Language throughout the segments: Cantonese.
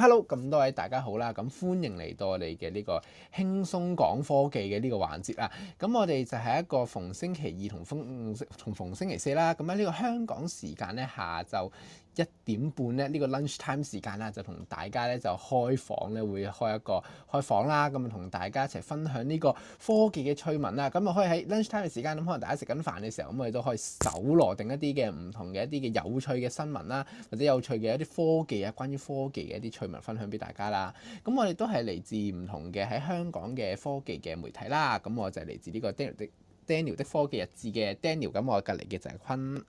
Hello，咁多位大家好啦，咁歡迎嚟到我哋嘅呢個輕鬆講科技嘅呢個環節啦。咁我哋就係一個逢星期二同逢、嗯、逢星期四啦，咁喺呢個香港時間呢，下晝。一點半咧，呢個 lunch time 時間啦，就同大家咧就開房咧，會開一個開房啦，咁同大家一齊分享呢個科技嘅趣聞啦，咁啊可以喺 lunch time 嘅時間咁，可能大家食緊飯嘅時候，咁我哋都可以搜羅定一啲嘅唔同嘅一啲嘅有趣嘅新聞啦，或者有趣嘅一啲科技啊，關於科技嘅一啲趣聞分享俾大家啦。咁我哋都係嚟自唔同嘅喺香港嘅科技嘅媒體啦。咁我就嚟自呢個 Daniel 的，Daniel 的科技日誌嘅 Daniel。咁我隔離嘅就係坤。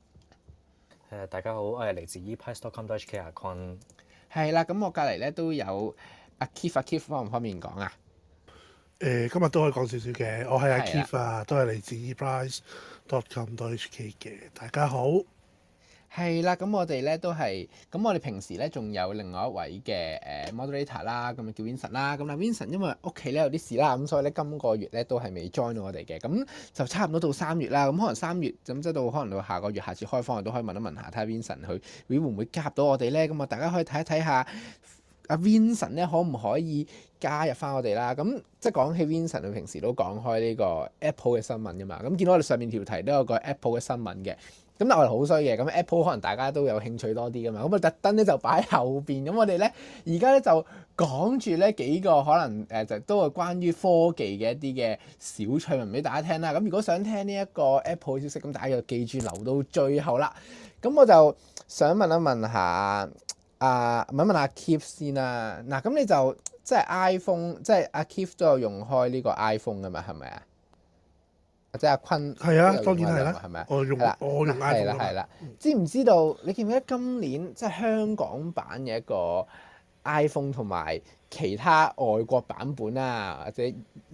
誒，大家好，我係嚟自 eprice.com.hk 阿 Con。係啦，咁我隔離咧都有阿 Kif，阿 Kif，方唔方便講啊？誒，今日都可以講少少嘅，我係阿 Kif 啊，都係嚟自 eprice.com.hk 嘅。大家好。係啦，咁我哋咧都係，咁我哋平時咧仲有另外一位嘅誒 moderator 啦，咁叫 Vincent 啦。咁啊 Vincent 因為屋企咧有啲事啦，咁所以咧今個月咧都係未 join 到我哋嘅。咁就差唔多到三月啦，咁可能三月，咁即係到可能到下個月，下次開放，我都可以問一問下睇下 Vincent 佢會唔會加入到我哋咧？咁啊大家可以睇一睇下阿 Vincent 咧可唔可以加入翻我哋啦？咁即係講起 Vincent，佢平時都講開呢個 Apple 嘅新聞噶嘛。咁見到我哋上面條題都有個 Apple 嘅新聞嘅。咁但係我哋好衰嘅，咁 Apple 可能大家都有興趣多啲噶嘛，咁啊特登咧就擺喺後邊。咁我哋咧而家咧就講住咧幾個可能誒，就、呃、都係關於科技嘅一啲嘅小趣聞俾大家聽啦。咁如果想聽呢一個 Apple 嘅消息，咁大家就記住留到最後啦。咁我就想問一問一下啊、呃，問一問阿 Kip 先啦。嗱，咁你就即係 iPhone，即係阿 Kip 都有用開呢個 iPhone 噶嘛，係咪啊？或者阿坤，係啊，當然係啦，係咪吧？我用，吧我用 iPhone 係啦，知唔知道？你記唔記得今年即係香港版嘅一個 iPhone 同埋其他外國版本啊，或者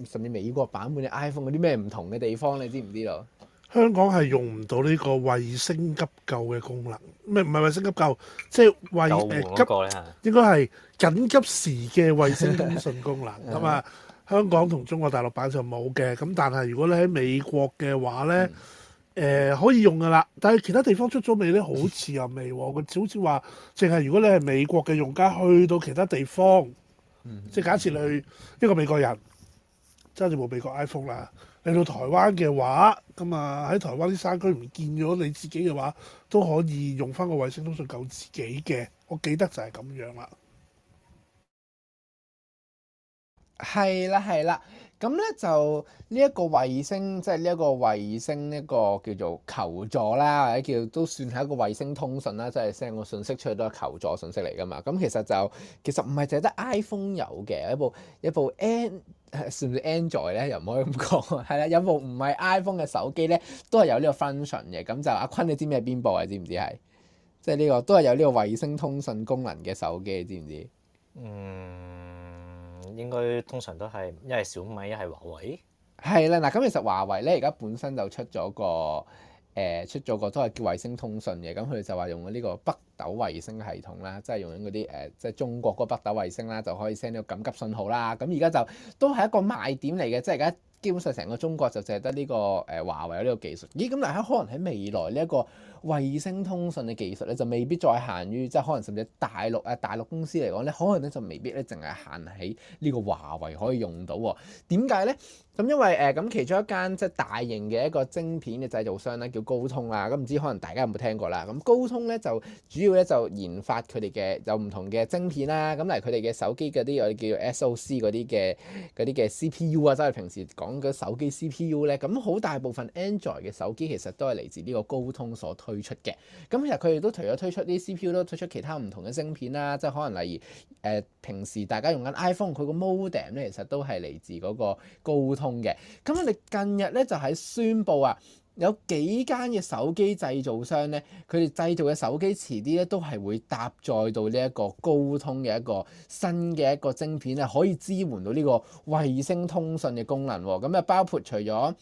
甚至美國版本嘅 iPhone 嗰啲咩唔同嘅地方？你知唔知道？香港係用唔到呢個衛星急救嘅功能，咩唔係衛星急救，即係衛、呃、急？嗰個咧嚇。應該係緊急時嘅衛星通訊功能咁啊。 香港同中國大陸版就冇嘅，咁但係如果你喺美國嘅話呢，誒、嗯呃、可以用噶啦。但係其他地方出咗未呢？好似又未。佢好似話，淨係如果你係美國嘅用家，去到其他地方，嗯、即係假設你一個美國人揸住部美國 iPhone 啦，你到台灣嘅話，咁啊喺台灣啲山區唔見咗你自己嘅話，都可以用返個衛星通訊救自己嘅。我記得就係咁樣啦。係啦，係啦，咁咧就呢一個衛星，即係呢一個衛星一個叫做求助啦，或者叫都算係一個衛星通訊啦，即係 send 個信息出去都係求助信息嚟噶嘛。咁其實就其實唔係淨係得 iPhone 有嘅，一部 en，係唔係有一部 Android 咧又唔可以咁講，係啦，有部唔係 iPhone 嘅手機咧都係有呢個 function 嘅。咁就阿坤你知唔知係邊部啊？知唔知係即係呢個都係有呢個衛星通訊功能嘅手機？知唔知？嗯。應該通常都係一係小米一係華為，係啦嗱。咁其實華為咧而家本身就出咗個誒、呃、出咗個都係叫衛星通訊嘅，咁佢就話用咗呢個北斗衛星系統啦，即係用緊嗰啲誒即係中國嗰個北斗衛星啦，就可以 send 啲緊急信號啦。咁而家就都係一個賣點嚟嘅，即係而家。基本上成個中國就淨係得呢個誒、華為有呢個技術，咦，咁，嗱喺可能喺未來呢一個衛星通訊嘅技術咧就未必再限於，即係可能甚至大陸啊，大陸公司嚟講咧，可能咧就未必咧淨係限喺呢個華為可以用到喎，點解咧？咁因為誒，咁、呃、其中一間即係大型嘅一個晶片嘅製造商咧，叫高通啦。咁唔知可能大家有冇聽過啦？咁高通咧就主要咧就研發佢哋嘅有唔同嘅晶片啦。咁嚟佢哋嘅手機嗰啲我哋叫做 S.O.C. 嗰啲嘅嗰啲嘅 C.P.U. 啊，即係平時講嘅手機 C.P.U. 咧，咁好大部分 Android 嘅手機其實都係嚟自呢個高通所推出嘅。咁其實佢哋都除咗推出啲 C.P.U. 都推出其他唔同嘅芯片啦，即係可能例如誒、呃、平時大家用緊 iPhone，佢個 modem 咧其實都係嚟自嗰個高通嘅，咁我哋近日咧就喺宣布啊，有幾間嘅手機製造商咧，佢哋製造嘅手機遲啲咧都係會搭載到呢一個高通嘅一個新嘅一個晶片咧，可以支援到呢個衛星通訊嘅功能。咁啊，包括除咗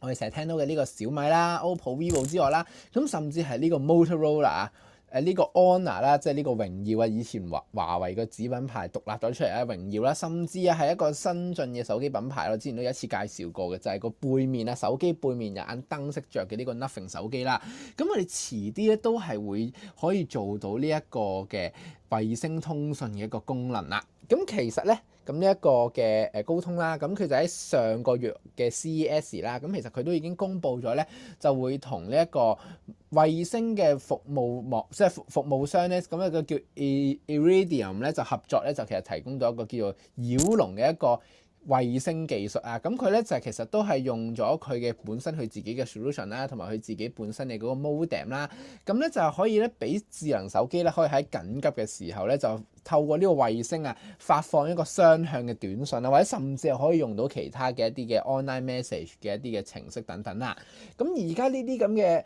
我哋成日聽到嘅呢個小米啦、OPPO、VIVO 之外啦，咁甚至係呢個 Motorola。誒呢個 Honor 啦，即係呢個榮耀啊，以前華華為個子品牌獨立咗出嚟啊，榮耀啦、甚至啊，係一個新進嘅手機品牌咯，我之前都有一次介紹過嘅，就係、是、個背面啊，手機背面有眼燈飾着嘅呢個 Nothing 手機啦，咁我哋遲啲咧都係會可以做到呢一個嘅。衛星通訊嘅一個功能啦，咁其實咧，咁呢一個嘅誒高通啦，咁佢就喺上個月嘅 CES 啦，咁其實佢都已經公布咗咧，就會同呢一個衛星嘅服務網，即係服務商咧，咁一個叫 Iridium 咧，就合作咧，就其實提供咗一個叫做繞龍嘅一個。衛星技術啊，咁佢咧就其實都係用咗佢嘅本身佢自己嘅 solution 啦，同埋佢自己本身嘅嗰個 modem 啦，咁咧就可以咧俾智能手機咧可以喺緊急嘅時候咧就透過呢個衛星啊發放一個雙向嘅短信啊，或者甚至係可以用到其他嘅一啲嘅 online message 嘅一啲嘅程式等等啦。咁而家呢啲咁嘅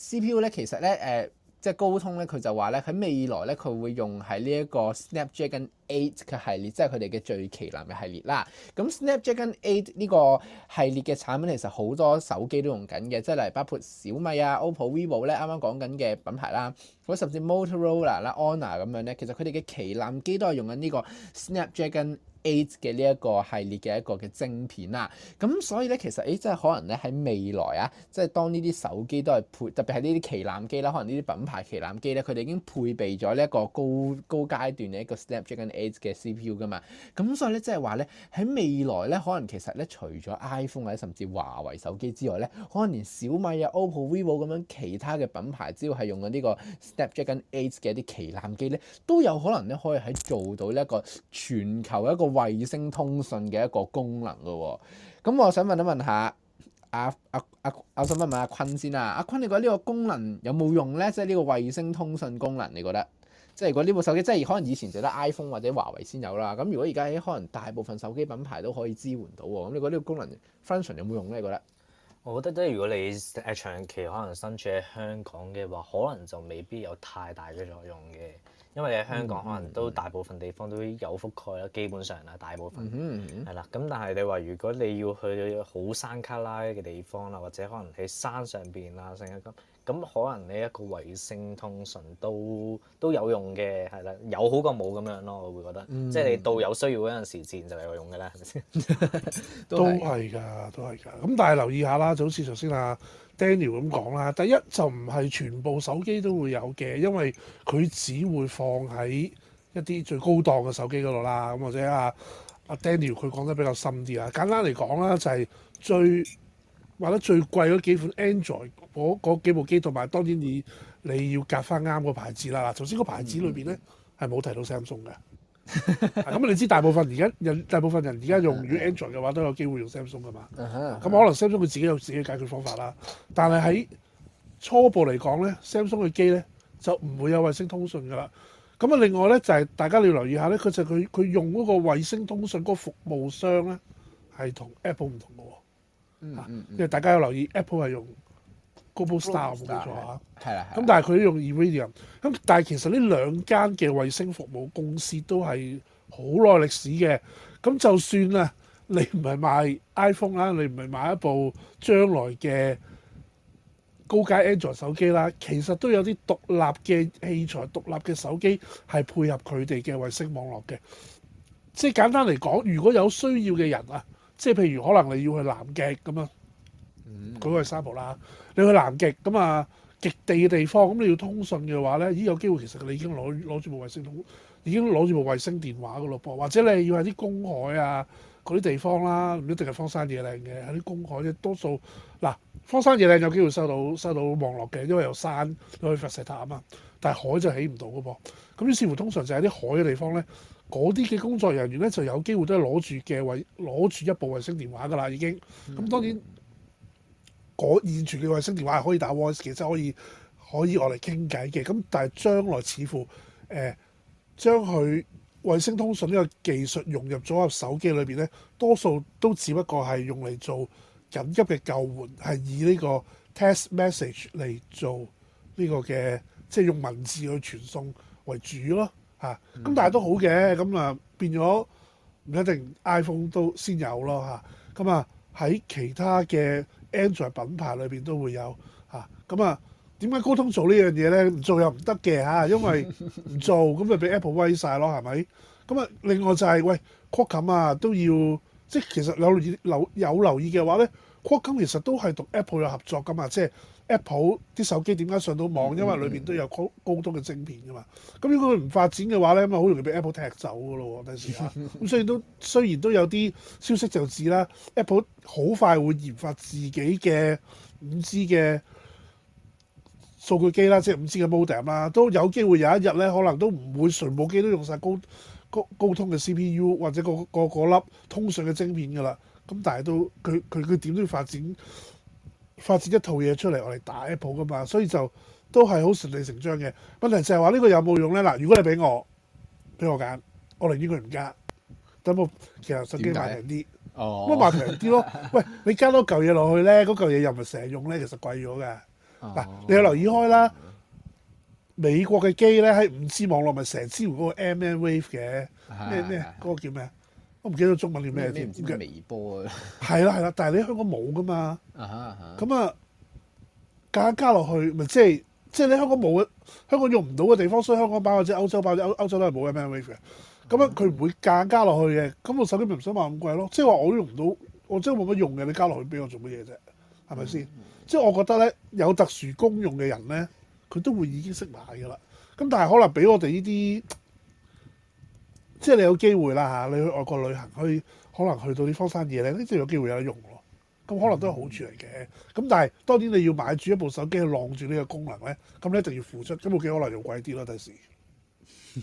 誒 CPU 咧，其實咧誒。呃即係高通咧，佢就話咧喺未來咧，佢會用喺呢一個 Snapdragon 8嘅系列，即係佢哋嘅最旗艦嘅系列啦。咁 Snapdragon 8呢個系列嘅產品其實好多手機都用緊嘅，即係例如包括小米啊、OPPO、VIVO 咧，啱啱講緊嘅品牌啦。或者甚至 Motorola 啦、Honor 咁樣咧，其實佢哋嘅旗艦機都係用緊呢個 Snapdragon 8嘅呢一個系列嘅一個嘅晶片啦，咁所以咧其實誒、欸、即係可能咧喺未來啊，即係當呢啲手機都係配，特別係呢啲旗艦機啦，可能呢啲品牌旗艦機咧，佢哋已經配備咗呢一個高高階段嘅一個 Snapdragon 8嘅 CPU 噶嘛，咁所以咧即係話咧喺未來咧，可能其實咧除咗 iPhone 啊，甚至華為手機之外咧，可能連小米啊、OPPO、VIVO 咁樣其他嘅品牌，只要係用緊呢個 Snapdragon 8嘅一啲旗艦機咧，都有可能咧可以喺做到呢一個全球一個衛星通訊嘅一個功能嘅喎，咁我想問一問下，阿阿阿阿想問問阿坤先啊，阿坤你覺得呢個功能有冇用咧？即係呢個衛星通訊功能，你覺得即係如果呢部手機，即係可能以前就得 iPhone 或者華為先有啦。咁如果而家可能大部分手機品牌都可以支援到喎，咁你覺得呢個功能 function 有冇用咧？你覺得？我覺得即係如果你誒長期可能身處喺香港嘅話，可能就未必有太大嘅作用嘅，因為你喺香港可能都大部分地方都有覆蓋啦，基本上啦，大部分係啦。咁、嗯嗯、但係你話如果你要去好山卡拉嘅地方啦，或者可能喺山上邊啊，成日咁。咁可能呢一個衛星通訊都都有用嘅，係啦，有好過冇咁樣咯，我會覺得，即係你到有需要嗰陣時自然就嚟用嘅啦，係咪先？都係㗎，都係㗎。咁但係留意下啦，就好似頭先阿 Daniel 咁講啦，第一就唔係全部手機都會有嘅，因為佢只會放喺一啲最高檔嘅手機嗰度啦。咁或者阿阿 Daniel 佢講得比較深啲啊，簡單嚟講啦，就係最話得最貴嗰幾款 Android。我嗰幾部機同埋，當然你你要揀翻啱個牌子啦。嗱，頭先個牌子裏邊咧係冇提到 Samsung 嘅。咁、 啊、你知大部分而家人，大部分人而家用用 Android 嘅話，都有機會用 Samsung 噶嘛。咁可能 Samsung 佢自己有自己解決方法啦。但係喺初步嚟講咧，Samsung 嘅機咧就唔會有衛星通訊噶啦。咁啊，另外咧就係、是、大家要留意下咧，佢就佢佢用嗰個衛星通訊嗰服務商咧係 App 同 Apple 唔同嘅喎。因、啊、為大家有留意，Apple 係用 Globalstar，冇錯吓，係啦。咁但係佢都用 Iridium。咁但係其實呢兩間嘅衛星服務公司都係好耐歷史嘅。咁就算啊，你唔係買 iPhone 啦，你唔係買一部將來嘅高階 Android 手機啦，其實都有啲獨立嘅器材、獨立嘅手機係配合佢哋嘅衛星網絡嘅。即係簡單嚟講，如果有需要嘅人啊，即係譬如可能你要去南極咁樣。佢嗰個係沙漠啦，你去南極咁啊，極地嘅地方，咁你要通訊嘅話呢，咦，有機會其實你已經攞攞住部衛星通，已經攞住部衛星電話噶咯噃，或者你要喺啲公海啊嗰啲地方啦，唔一定係荒山野嶺嘅，喺啲公海咧多數，嗱荒山野嶺有機會收到收到網絡嘅，因為有山你可以發石塔啊嘛，但係海就起唔到噶噃，咁於是乎通常就喺啲海嘅地方呢，嗰啲嘅工作人員呢，就有機會都係攞住嘅衛攞住一部衛星電話噶啦已經，咁、嗯嗯、當然。嗰現存嘅衛星電話係可以打 voice 其實、就是、可以可以我嚟傾偈嘅。咁但係將來似乎誒、欸、將佢衛星通訊呢個技術融入咗入手機裏邊咧，多數都只不過係用嚟做緊急嘅救援，係以呢個 test message 嚟做呢個嘅，即、就、係、是、用文字去傳送為主咯嚇。咁、啊、但係都好嘅，咁啊變咗唔一定 iPhone 都先有咯嚇。咁啊喺其他嘅，Android 品牌裏邊都會有嚇，咁啊點解、啊、高通做呢樣嘢呢？唔做又唔得嘅嚇，因為唔做咁咪俾 Apple 威晒咯，係咪？咁啊，另外就係、是、喂 Qualcomm 啊，都要即係其實留留有留意有留意嘅話呢 Qualcomm 其實都係同 Apple 有合作噶嘛，即、就、係、是。Apple 啲手機點解上到網？因為裏邊都有高高通嘅晶片㗎嘛。咁如果佢唔發展嘅話咧，咁咪好容易俾 Apple 踢走㗎咯喎。第時咁所以都雖然都有啲消息就指啦，Apple 好快會研發自己嘅五 G 嘅數據機啦，即係五 G 嘅 modem 啦，都有機會有一日咧，可能都唔會純部機都用晒高高高通嘅 CPU 或者個個粒通訊嘅晶片㗎啦。咁但係都佢佢佢點都要發展，發展一套嘢出嚟我哋打 Apple 噶嘛，所以就都係好順理成章嘅。問題就係話呢個有冇用咧？嗱，如果你俾我俾我揀，我寧願佢唔加，等我其實手機賣平啲，乜賣平啲咯？ 喂，你加多嚿嘢落去咧，嗰嚿嘢又唔係成日用咧，其實貴咗嘅。嗱、哦啊，你有留意開啦？美國嘅機咧喺五 G 網絡咪成支援嗰個 mmWave 嘅咩咩嗰個叫咩？我唔記得中文叫咩添，叫微波啊？係啦係啦，但係，就是就是，你香港冇噶嘛，咁啊加加落去，咪即係即係你香港冇嘅，香港用唔到嘅地方，所以香港版或者歐洲版，歐洲都係冇 mmWave 嘅。咁樣佢唔會加加落去嘅，咁我手機咪唔使買咁貴咯。即係話我用唔到，我真係冇乜用嘅，你加落去俾我做乜嘢啫？係咪先？即係，uh huh. 我覺得咧，有特殊功用嘅人咧，佢都會已經識買噶啦。咁但係可能俾我哋呢啲。即係你有機會啦嚇，你去外國旅行，去可，可能去到啲荒山野嶺，呢啲有機會有得用咯。咁可能都係好處嚟嘅。咁、嗯、但係當然你要買住一部手機去浪住呢個功能咧，咁你一定要付出，咁部機可能用貴啲咯。第時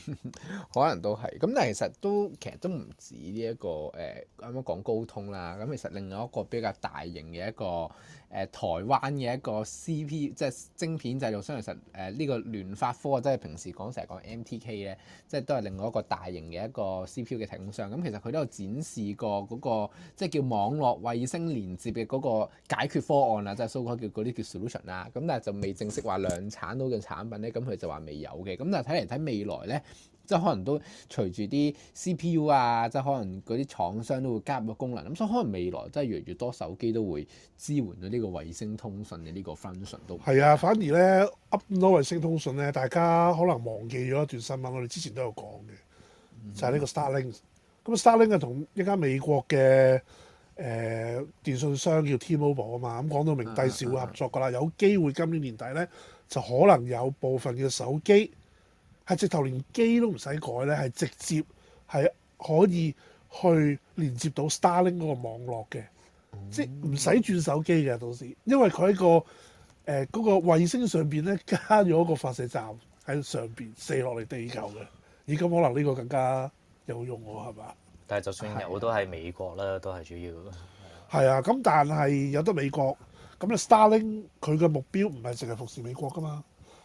可能都係。咁但係其實都其實都唔止呢、呢、一個誒，啱、呃、啱講高通啦。咁其實另外一個比較大型嘅一個。誒台灣嘅一個 CP 即係晶片製造商，其實誒呢個聯發科啊，即係平時講成日講 MTK 咧，即係都係另外一個大型嘅一個 CPU 嘅提供商。咁其實佢都有展示過嗰個即係叫網絡衛星連接嘅嗰個解決方案啦，即係所謂叫嗰啲叫 solution 啦。咁但係就未正式話量產到嘅產品咧，咁佢就話未有嘅。咁但係睇嚟睇未來咧。即係可能都隨住啲 CPU 啊，即係可能嗰啲廠商都會加入個功能，咁所以可能未來真係越嚟越多手機都會支援到呢個衛星通訊嘅呢個 function 都係啊，反而呢，Up 多衛星通訊呢， 大家可能忘記咗一段新聞，我哋之前都有講嘅，就係、是、呢個 Starlink。咁 Starlink 係同一間美國嘅誒、呃、電信商叫 T-Mobile 啊嘛，咁、嗯、講到明第四季會合作噶啦，啊啊啊、有機會今年年底呢，就可能有部分嘅手機。係直頭連機都唔使改咧，係直接係可以去連接到 Starlink 嗰個網絡嘅，即係唔使轉手機嘅到時，因為佢喺、嗰個誒嗰、呃嗰個衛星上邊咧加咗一個發射站喺上邊射落嚟地球嘅。而家可能呢個更加有用喎，係嘛？但係就算有都係美國啦，啊、都係主要。係啊，咁但係有得美國咁咧，Starlink 佢嘅目標唔係淨係服侍美國㗎嘛？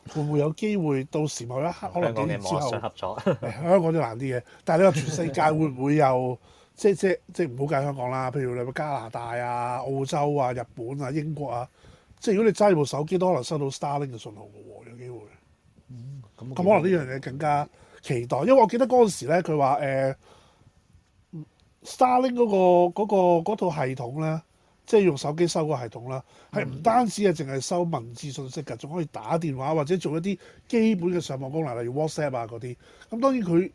會唔會有機會到時某一刻可能啲互相合作？ 欸、香港都難啲嘅，但係你話全世界會唔會又 即即即唔好計香港啦？譬如你話加拿大啊、澳洲啊、日本啊、英國啊，即係如果你揸住部手機都可能收到 Starlink 嘅信號嘅喎，有機會。咁、嗯、可能呢樣嘢更加期待，因為我記得嗰陣時咧，佢話誒、欸、Starlink 嗰、嗰個嗰、嗰個嗰個、套系統咧。即係用手機收個系統啦，係唔單止係淨係收文字信息嘅，仲可以打電話或者做一啲基本嘅上網功能，例如 WhatsApp 啊嗰啲。咁當然佢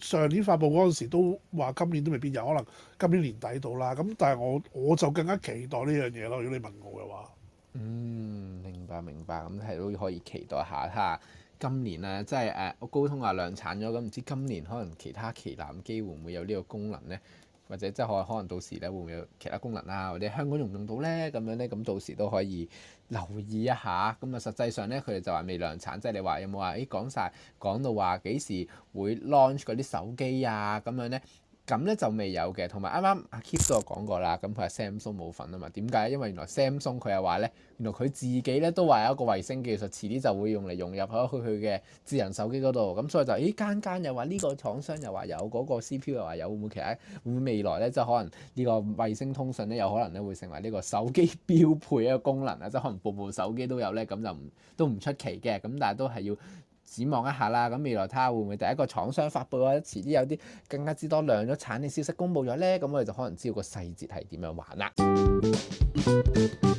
上年發布嗰陣時都話今年都未必有，可能今年年底到啦。咁但係我我就更加期待呢樣嘢咯。如果你問我嘅話，嗯，明白明白，咁係都可以期待下嚇。看看今年咧，即係誒，呃，我高通話量產咗，咁唔知今年可能其他旗艦機會唔會有呢個功能咧？或者即係可能可能到時咧會唔會有其他功能啊？或者香港用唔用到咧咁樣咧？咁到時都可以留意一下。咁啊，實際上咧佢哋就話未量產，即係你話有冇話誒講晒，講到話幾時會 launch 嗰啲手機啊咁樣咧？咁咧就未有嘅，同埋啱啱阿 Keep 都有講過啦。咁佢話 Samsung 冇份啊嘛？點解？因為原來 Samsung 佢又話咧，原來佢自己咧都話有一個衛星技術，遲啲就會用嚟融入去佢嘅智能手機嗰度。咁所以就咦間間又話呢個廠商又話有，嗰個 CPU 又話有，會唔會其實會唔會未來咧，即係可能呢個衛星通訊咧，有可能咧會成為呢個手機標配一個功能啊，即係可能部部手機都有咧。咁就唔都唔出奇嘅。咁但係都係要。展望一下啦，咁未來睇下會唔會第一個廠商發布啊，遲啲有啲更加之多量咗產嘅消息公布咗呢？咁我哋就可能知道個細節係點樣玩啦。